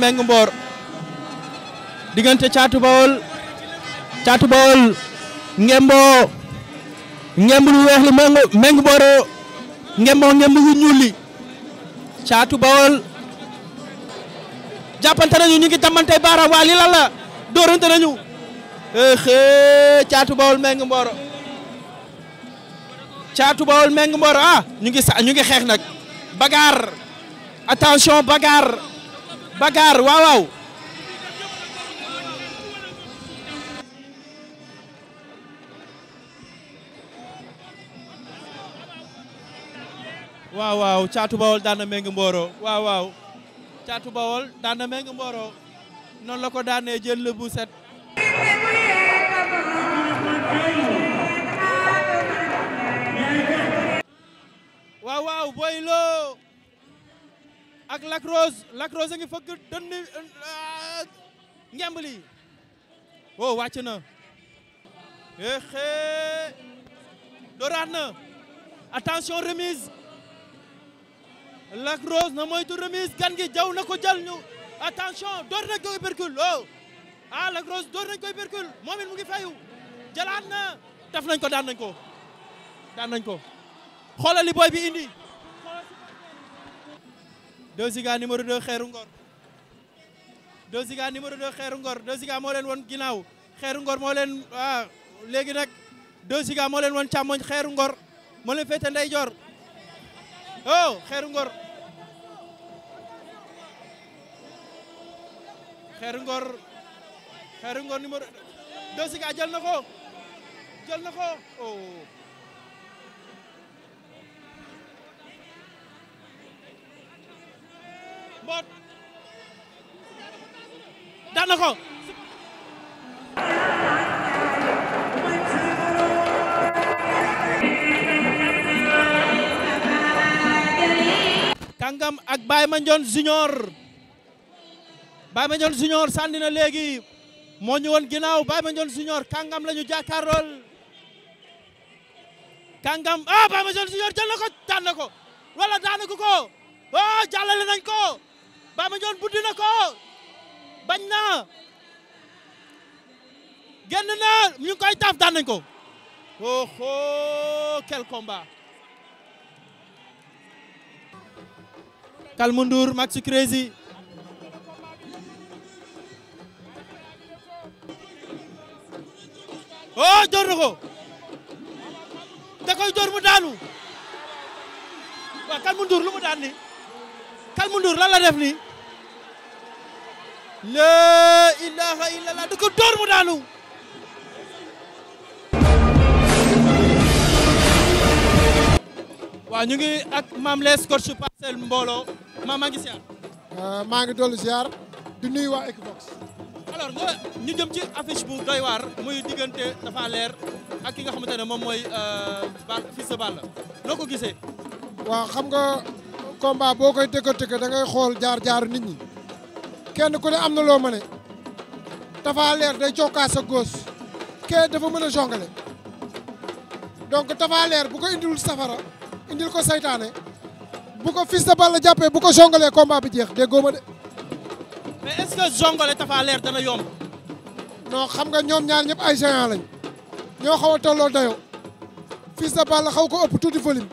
Mbengue Mbor diggante caatu bawol caatu bawol ngemboo ngembu lu weex ngemboo ngembu lu ñuul li caatu bawol jàppante ñu ngi tàmmante baaraam waa lii lan la dóorante nañu xëy eh, eh, caatu bawol Mbengue ah, ñu ngi sa ñu ngi xeex nag bagaar attention bagaar Bakar waaw waaw caatu bawol daan na méng mbooro waaw caatu bawol daan na méng mbooro noonu la ko daanee jël bu set ak Lac Rose Lac Rose a ngi fëgg dënn euh, ngemb li oh wàcc na exe eh, na attention remise Lac Rose na moytu remise gan gi jaw na ko jël ñu attention door nañ ko hypercule oh ah Lac Rose nañ ko hypercule moom it mu ngi fayu jëlaat na def nañ ko daan ko daan ko xoolali booy bi indi Deux Giga numéro 2 Xeeru Ngor Deux Giga numéro 2 Xeeru Ngor Deux Giga moo won ginnaaw Xeeru Ngor moo leen ah léegi nag Deux Giga won càmmoñ Xeeru Ngor moo leen féete ndeyjoor oh Xeeru Ngor Xeeru Ngor Xeeru Ngor numéro Deux Giga jël na ko jël na ko oh. mboot daan na ak baay Mandione Junior Baye Mandione Junior sànni na léegi moo ñu ginnaaw Baye Mandione Junior kàngam la ñu jàkkaarlool kàngam ah Baye Junior jël na wala daan ko ko oh nañ ko Baba Ndione buddi na ko bañ na génn na ñu koy taaf daan nañ ko oh oh quel combat. Kalmundur Maxi Crazy oh door na ko da koy door mu daanu waaw Kalmundur lu mu daan ni Kalmu Ndour lan la def nii laa ilaha illallah da ko dóor mu daanu waaw ñu ngi ak maam Less coach su Parcelles Mbooloo ma maa ngi siyaar euh, maa ngi dollu siyaar di nuyu waa Equivox alors nga ñu jëm ci affiche bu doy waar muy diggante dafa leer ak ki nga xamante ne moom mooy euh, Fils de Balla noo ko xam nga combat boo koy tëkka-tëkka da ngay xool jaar-jaaru nit ñi kenn ku ne am na loo ma ne Tapha Leer day cokkaas sa góos kee dafa mën a jongale donc Tapha Leer bu ko indil safara indil ko saytaane bu ko Fils de jàppee bu ko jongalee combat bi jeex déggoo ma de. mais est-ce jongale Tapha Leer dana yomb. non xam nga ñoom ñaar ñëpp ay géant lañ ñoo xaw a tolloo dayoo Fils xaw ko ëpp tuuti volume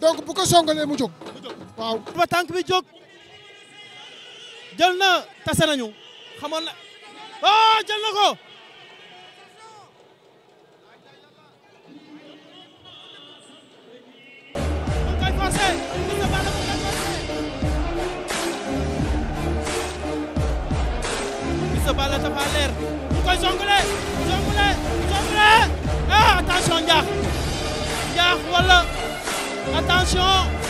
donc bu ko jongalee mu jóg. waaw ba tànk bi jóg jël na tase nañu xamoon na ah jël na ko Fils de Balla Tapha Leer mu koy jongle jongle jongle ah attention njaax njaax wala attention